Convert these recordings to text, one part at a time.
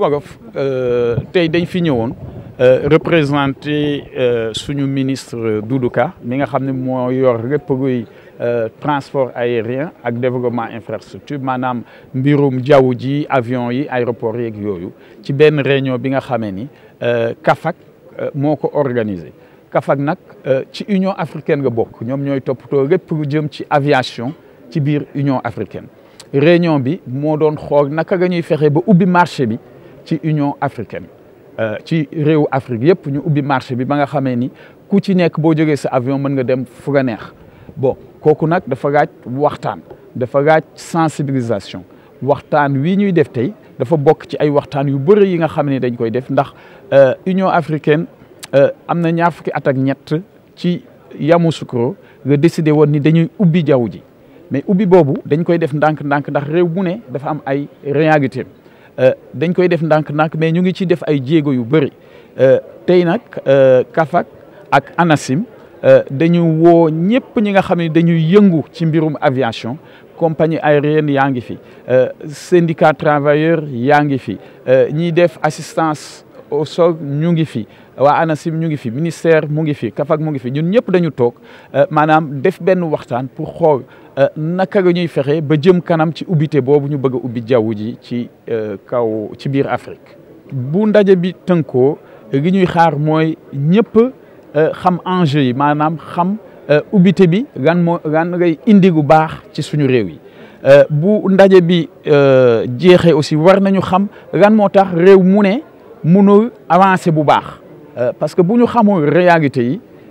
Wagaf euh, tey dañ fi ñëwoon euh, représenter euh, suñu ministre Doudou Ka mi nga xam ne moo yor lépp luy transport aérien ak développement infrastructure maanaam mbirum jaww ji avion yi aéroport yeeg yooyu ci benn réunion bi nga xamee ni Kafac moo ko organisé Kafac nag ci Union africaine la bokk ñoom ñooy toppatoo lépp lu jëm ci aviation ci biir Union africaine réunion bi moo doon xool naka nga ñuy fexe ba ubbi marché bi ci Union africaine euh, ci réewu Afrique yëpp ñu ubbi marché bi ba nga xamee ni ku ci nekk boo jógee sa avion mën nga dem fu neex bo kooku nag dafa gaaj waxtaan dafa gaaj sensibilisation waxtaan wii ñuy def tey dafa bokk ci ay waxtaan yu bëri yi nga xam ne dañ koy def ndax euh, Union africaine euh, am na ñaar fukki at ñett ci yamu Yamoussoukro nga décidé woon ni dañuy ubbi jaww ji mais ubbi boobu dañ koy def ndànk-ndànk ndax réew bu ne dafa am ay réalité Euh, dañ koy def ndànk-ndànk mais ñu ngi ci def ay jéego yu bëri euh, tey nag euh, Kafac ak ANACIM dañu woo ñëpp ñi nga xam ni dañuy yëngu ci mbirum aviation compagnie aérienne yaa ngi fi syndicat travailleur yaa ngi fi ñiy def assistance au sol ñu ngi fi waa ANACIM ñu ngi fi ministère mu ngi fi Kafac mu ngi fi ñun ñëpp dañu toog maanaam def benn waxtaan pour xool. Euh, naka ga ñuy fexe ba jëm kanam ci ubbite boobu ñu bëgg a ubbi jaww ji ci euh, kaw ci biir Afrique. bu ndaje bi tënkoo gi ñuy xaar mooy ñëpp euh, xam enjeu yi maanaam xam ubbite bi gan moo gan ngay indi gu baax ci suñu réew yi. bu ndaje bi jeexee aussi war nañu xam lan moo tax réew mu ne mënul avancer bu baax parce que bu ñu xamul réalité yi.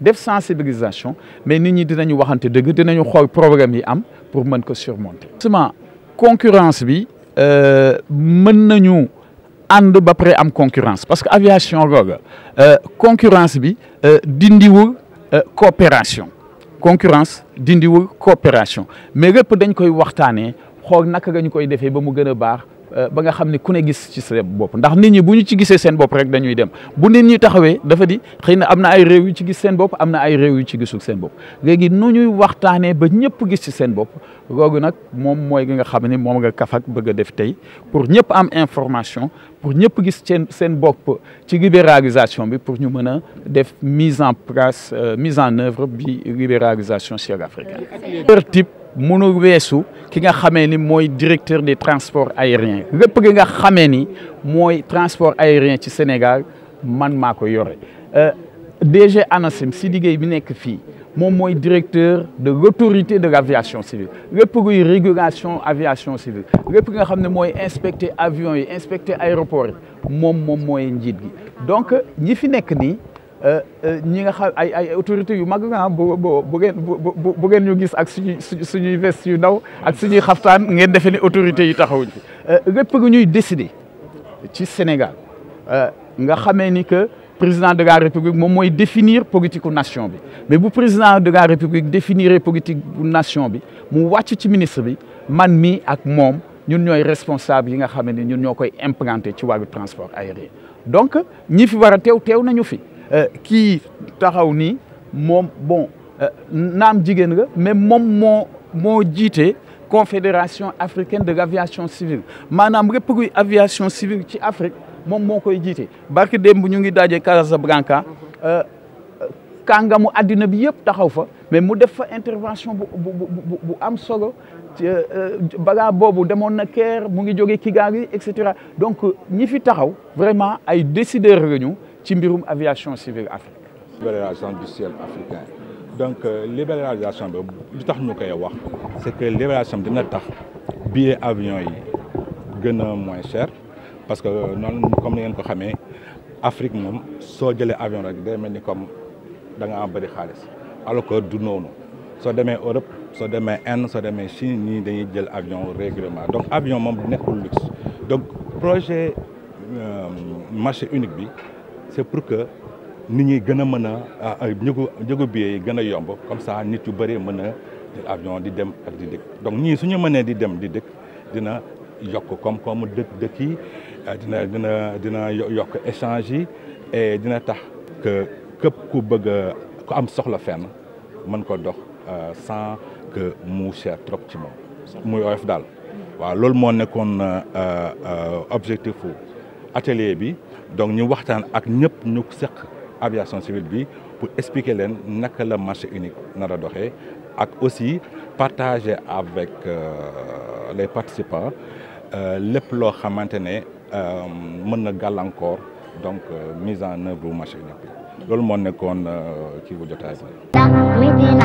def sensibilisation mais nit ñi dinañu waxante deug dinañu xol programme yi am pour mën ko surmonter. justement concurrence bi euh, mën nañu ànd ba pare am concurrence parce que aviation euh concurrence bi euh, wu euh, coopération concurrence wu coopération mais rep dañ koy waxtaanee xol naka nga ñu koy ba mu gëna baax. Euh, ba nga xam ne ku ne gis ci seen bopp ndax nit ñi bu ñu ci gisee seen bopp rek dañuy dem bu nit ñi taxawee dafa di xëy na am na ay réew yu ci gis seen bopp am na ay réew yu ci gisul seen bopp léegi nu ñuy waxtaanee ba ñëpp gis ci seen bopp googu nag moom mooy gi nga xam ne moom nga kafak bëgg a def tey pour ñëpp am information pour ñëpp gis seen seen bopp ci libéralisation bi pour ñu mën a def mise en place euh, mise en œuvre bi libéralisation sud africaine Mounou Wessou, qui nga le directeur des transports aériens Le nga xamee ni transport aérien ci Sénégal man maa ko euh, DG Anassim Sidy est bi nekk le directeur de l'autorité de l'aviation civile Le régulation aviation civile Le nga xam ne inspecter avions yi inspecter aéroports yi moom donc ñi fi ni Euh, euh, ñi nga xam ay ay autorités yu mag ah bu bu bu ngeen bu ngeen ñu gis ak suñuy suñuy veste yu ndaw ak suñuy xaftaan ngeen defee ni autorités yi taxawuñ fi euh, lépp gu ñuy décider ci Sénégal nga xamee ni que président de la République moom mooy définir politique nation bi mais bu président de la République définir politique nation bi mu wàcc ci ministre bi man mi ak moom ñun ñooy responsable yi nga xam ne ñun ñoo koy implanté ci wàllu transport aérien donc ñi fi war a teew teew nañu fi. Euh, kii taxaw nii mom bon euh, Nam jigen nga mais mom mo mo jité confédération africaine de l'aviation civile manam lépp aviation civile ci Afrique mom mo koy jité barki demb ñu ngi dajé Casablanca euh, kangamu àddina bi yépp taxaw fa mais mu def fa intervention bu bu bu am solo baga bobu demoon na Caire mu ngi jóge Kigali etc donc ñi fi taxaw vraiment ay décideurs réunion ci aviation civile Afrique. libéralisation du ciel africain donc euh, libéralisation ce que nous avons c'est que libéralisation de notre tax billet avion yi moins cher parce que euh, comme vous le ko l'Afrique, Afrique moom soo des avion rek day comme dans un am bëri alors que du non, soo en Europe soit en Inde soo en Chine nous dañuy des avions régulièrement donc avion sont un luxe donc projet euh, marché unique c'est pour que nit ñi gëna mëna mën a ah, ah, njëgu gëna yomb comme ça nit yu bari mëna avion di dem ak di dëkk donc ñi suñu mëne di dem di dëkk dina yok comme comme dëkk dëkk yi ah, dina dina dina yok échange yi et dina tax que kep ku bëgg a ku am soxla fenn mën ko dox sans que mu cher trop ci moom muy oyof daal mm. waaw loolu moo nekkoon objectif atelier bi donc ñu waxtaan ak ñëpp ñu seq aviation civile bi pour expliquer leen naka la marché unique nara ak aussi partager avec euh, les participants euh, lépp loo xamante ne euh, mën na donc mise en œuvre marché unique bi loolu moo nekkoon kii bu jotaay